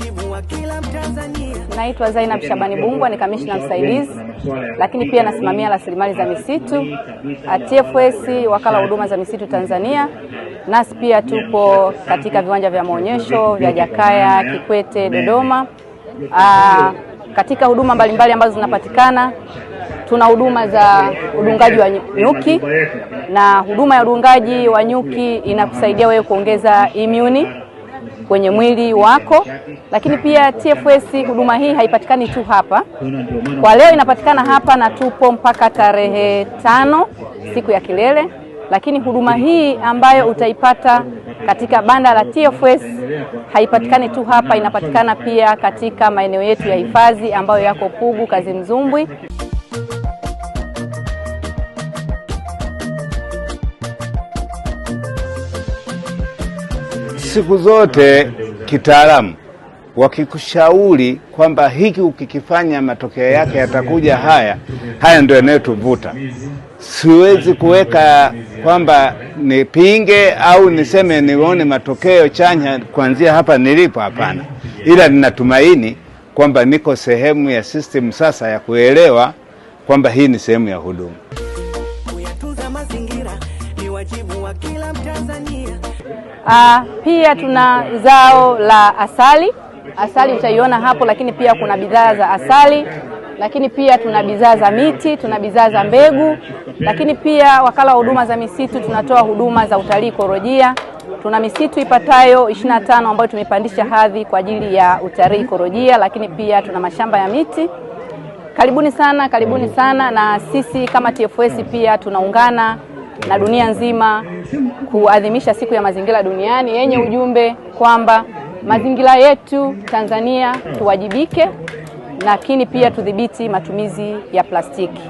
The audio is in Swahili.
wajibu wa kila Mtanzania. Naitwa Zainab Shabani Bungwa, ni kamishna msaidizi, lakini pia nasimamia rasilimali za misitu TFS, wakala huduma za misitu Tanzania. Nasi pia tupo katika viwanja vya maonyesho vya Jakaya Kikwete Dodoma. Aa, katika huduma mbalimbali ambazo zinapatikana tuna huduma za udungaji wa nyuki, na huduma ya udungaji wa nyuki inakusaidia wewe kuongeza immunity kwenye mwili wako. Lakini pia TFS, huduma hii haipatikani tu hapa kwa leo, inapatikana hapa na tupo mpaka tarehe tano siku ya kilele, lakini huduma hii ambayo utaipata katika banda la TFS haipatikani tu hapa, inapatikana pia katika maeneo yetu ya hifadhi ambayo yako Pugu, Kazimzumbwi. siku zote kitaalamu wakikushauri kwamba hiki ukikifanya matokeo yake yatakuja haya, haya ndio yanayotuvuta. Siwezi kuweka kwamba nipinge au niseme nione matokeo chanya kuanzia hapa nilipo, hapana, ila ninatumaini kwamba niko sehemu ya system sasa ya kuelewa kwamba hii ni sehemu ya huduma wajibu wa kila Mtanzania. Ah, pia tuna zao la asali. Asali utaiona hapo, lakini pia kuna bidhaa za asali, lakini pia tuna bidhaa za miti, tuna bidhaa za mbegu, lakini pia wakala wa huduma za misitu tunatoa huduma za utalii korojia Tuna misitu ipatayo 25 ambayo tumepandisha hadhi kwa ajili ya utalii korojia lakini pia tuna mashamba ya miti. Karibuni sana, karibuni sana, na sisi kama TFS pia tunaungana na dunia nzima kuadhimisha siku ya mazingira duniani yenye ujumbe kwamba mazingira yetu Tanzania tuwajibike, lakini pia tudhibiti matumizi ya plastiki.